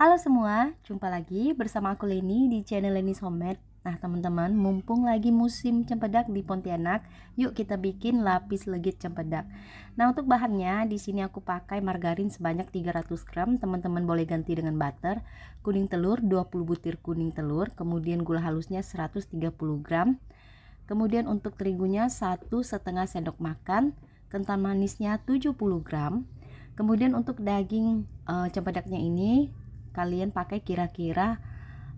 Halo semua, jumpa lagi bersama aku Leni di channel Leni Somet. Nah teman-teman, mumpung lagi musim cempedak di Pontianak, yuk kita bikin lapis legit cempedak. Nah untuk bahannya, di sini aku pakai margarin sebanyak 300 gram, teman-teman boleh ganti dengan butter, kuning telur 20 butir kuning telur, kemudian gula halusnya 130 gram, kemudian untuk terigunya satu setengah sendok makan, kental manisnya 70 gram, Kemudian untuk daging e, cempedaknya ini kalian pakai kira-kira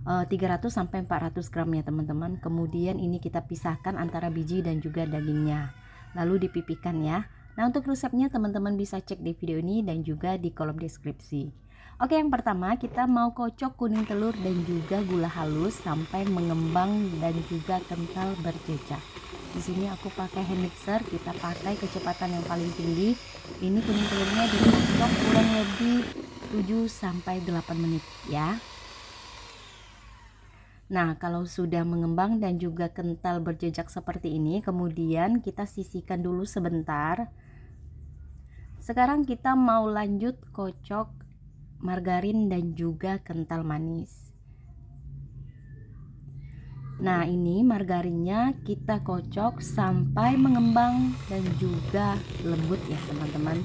uh, eh, 300 sampai 400 gram ya teman-teman kemudian ini kita pisahkan antara biji dan juga dagingnya lalu dipipihkan ya nah untuk resepnya teman-teman bisa cek di video ini dan juga di kolom deskripsi oke yang pertama kita mau kocok kuning telur dan juga gula halus sampai mengembang dan juga kental berjejak di sini aku pakai hand mixer kita pakai kecepatan yang paling tinggi ini kuning telurnya dikocok kurang lebih 7 sampai 8 menit ya. Nah, kalau sudah mengembang dan juga kental berjejak seperti ini, kemudian kita sisihkan dulu sebentar. Sekarang kita mau lanjut kocok margarin dan juga kental manis. Nah, ini margarinnya kita kocok sampai mengembang dan juga lembut ya, teman-teman.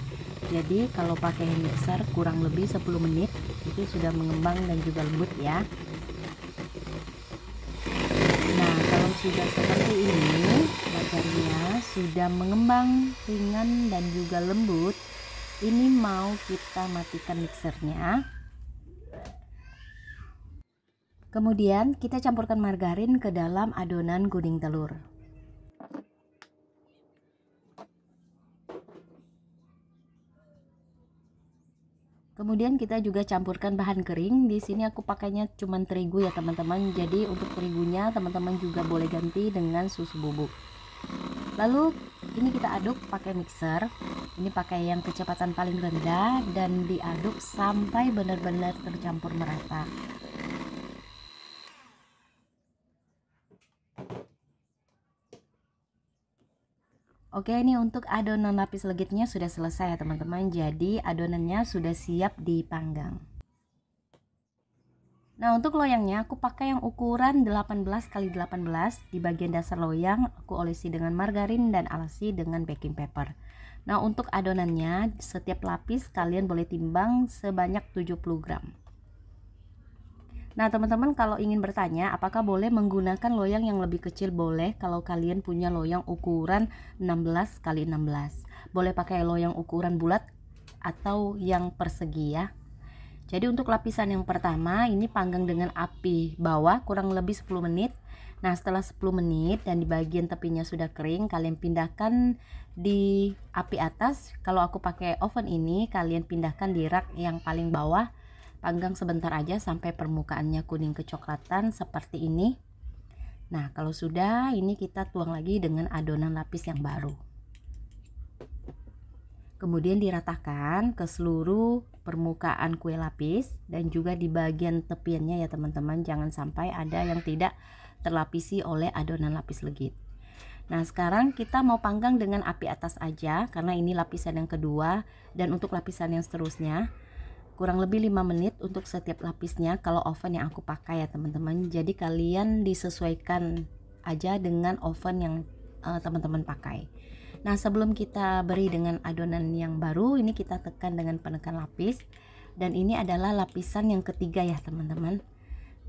Jadi, kalau pakai mixer kurang lebih 10 menit itu sudah mengembang dan juga lembut ya. Nah, kalau sudah seperti ini, margarinnya sudah mengembang ringan dan juga lembut. Ini mau kita matikan mixernya. Kemudian kita campurkan margarin ke dalam adonan kuning telur. Kemudian kita juga campurkan bahan kering. Di sini aku pakainya cuman terigu ya teman-teman. Jadi untuk terigunya teman-teman juga boleh ganti dengan susu bubuk. Lalu ini kita aduk pakai mixer. Ini pakai yang kecepatan paling rendah dan diaduk sampai benar-benar tercampur merata. Oke, ini untuk adonan lapis legitnya sudah selesai ya teman-teman. Jadi adonannya sudah siap dipanggang. Nah, untuk loyangnya aku pakai yang ukuran 18 x 18. Di bagian dasar loyang aku olesi dengan margarin dan alasi dengan baking paper. Nah, untuk adonannya setiap lapis kalian boleh timbang sebanyak 70 gram. Nah, teman-teman kalau ingin bertanya apakah boleh menggunakan loyang yang lebih kecil boleh kalau kalian punya loyang ukuran 16 kali 16. Boleh pakai loyang ukuran bulat atau yang persegi ya. Jadi untuk lapisan yang pertama ini panggang dengan api bawah kurang lebih 10 menit. Nah setelah 10 menit dan di bagian tepinya sudah kering kalian pindahkan di api atas. Kalau aku pakai oven ini kalian pindahkan di rak yang paling bawah panggang sebentar aja sampai permukaannya kuning kecoklatan seperti ini nah kalau sudah ini kita tuang lagi dengan adonan lapis yang baru kemudian diratakan ke seluruh permukaan kue lapis dan juga di bagian tepiannya ya teman-teman jangan sampai ada yang tidak terlapisi oleh adonan lapis legit Nah sekarang kita mau panggang dengan api atas aja karena ini lapisan yang kedua dan untuk lapisan yang seterusnya kurang lebih 5 menit untuk setiap lapisnya kalau oven yang aku pakai ya teman-teman jadi kalian disesuaikan aja dengan oven yang teman eh, teman-teman pakai nah sebelum kita beri dengan adonan yang baru ini kita tekan dengan penekan lapis dan ini adalah lapisan yang ketiga ya teman-teman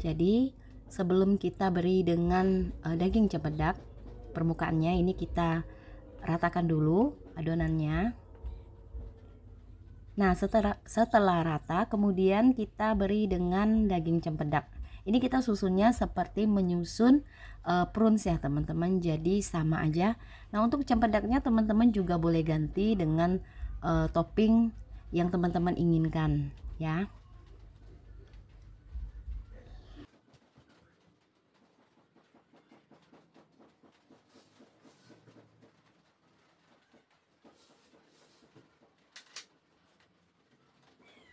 jadi sebelum kita beri dengan uh, daging cempedak permukaannya ini kita ratakan dulu adonannya Nah, setelah, setelah rata, kemudian kita beri dengan daging cempedak. Ini kita susunnya seperti menyusun uh, eh, prunes ya teman-teman, jadi sama aja. Nah, untuk cempedaknya teman-teman juga boleh ganti dengan uh, topping yang teman-teman inginkan ya.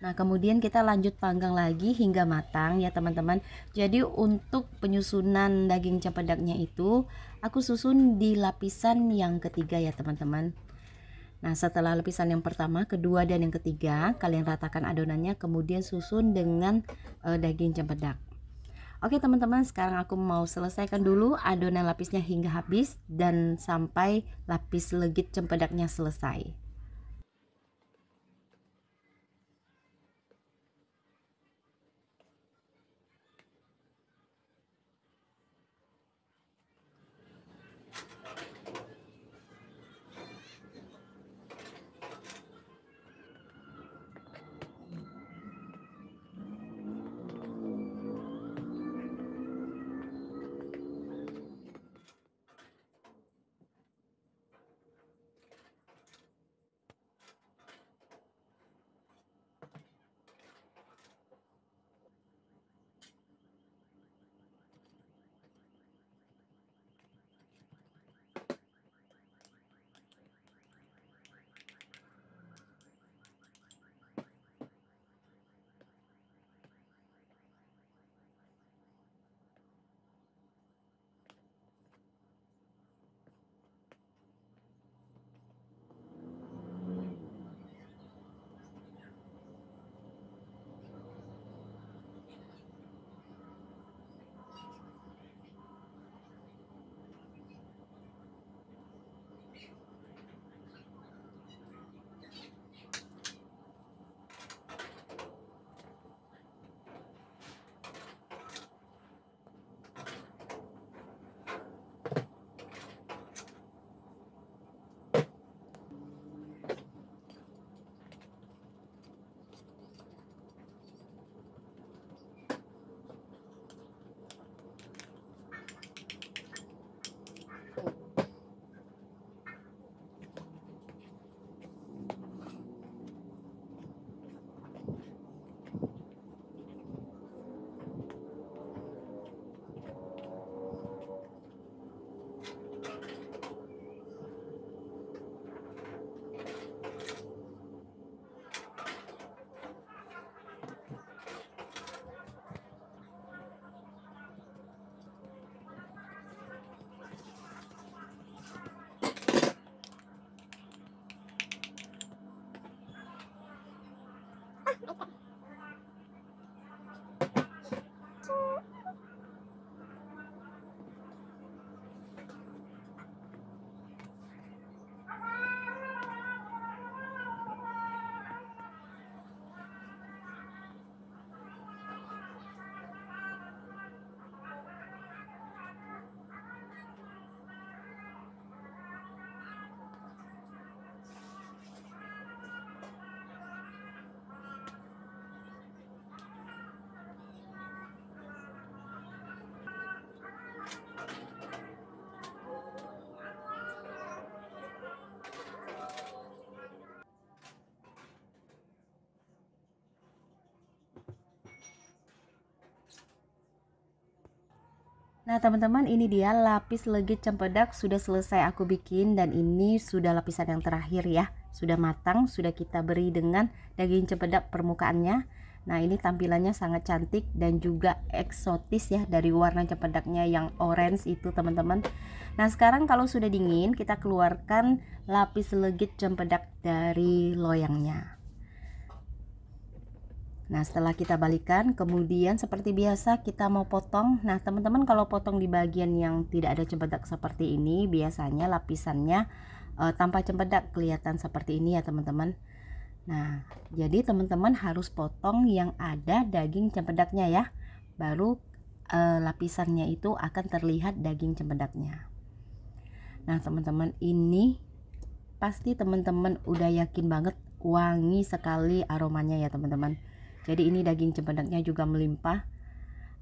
Nah, kemudian kita lanjut panggang lagi hingga matang ya, teman-teman. Jadi, untuk penyusunan daging cempedaknya itu, aku susun di lapisan yang ketiga ya, teman-teman. Nah, setelah lapisan yang pertama, kedua, dan yang ketiga, kalian ratakan adonannya, kemudian susun dengan e, daging cempedak. Oke, teman-teman, sekarang aku mau selesaikan dulu adonan lapisnya hingga habis dan sampai lapis legit cempedaknya selesai. Nah teman-teman ini dia lapis legit cempedak sudah selesai aku bikin dan ini sudah lapisan yang terakhir ya Sudah matang, sudah kita beri dengan daging cempedak permukaannya Nah ini tampilannya sangat cantik dan juga eksotis ya dari warna cempedaknya yang orange itu teman-teman Nah sekarang kalau sudah dingin kita keluarkan lapis legit cempedak dari loyangnya Nah setelah kita balikan kemudian seperti biasa kita mau potong Nah teman-teman kalau potong di bagian yang tidak ada cempedak seperti ini Biasanya lapisannya e, tanpa cempedak kelihatan seperti ini ya teman-teman Nah jadi teman-teman harus potong yang ada daging cempedaknya ya Baru e, lapisannya itu akan terlihat daging cempedaknya Nah teman-teman ini pasti teman-teman udah yakin banget wangi sekali aromanya ya teman-teman jadi ini daging cempedaknya juga melimpah.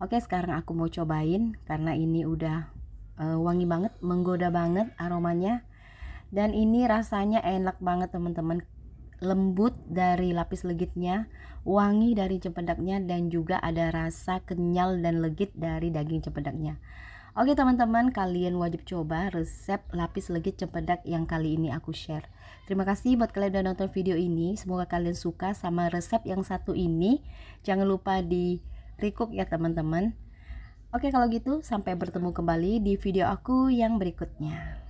Oke, sekarang aku mau cobain karena ini udah uh, wangi banget, menggoda banget aromanya. Dan ini rasanya enak banget, teman-teman. Lembut dari lapis legitnya, wangi dari cempedaknya dan juga ada rasa kenyal dan legit dari daging cempedaknya. Oke teman-teman, kalian wajib coba resep lapis legit cempedak yang kali ini aku share. Terima kasih buat kalian udah nonton video ini. Semoga kalian suka sama resep yang satu ini. Jangan lupa di recook ya teman-teman. Oke kalau gitu, sampai bertemu kembali di video aku yang berikutnya.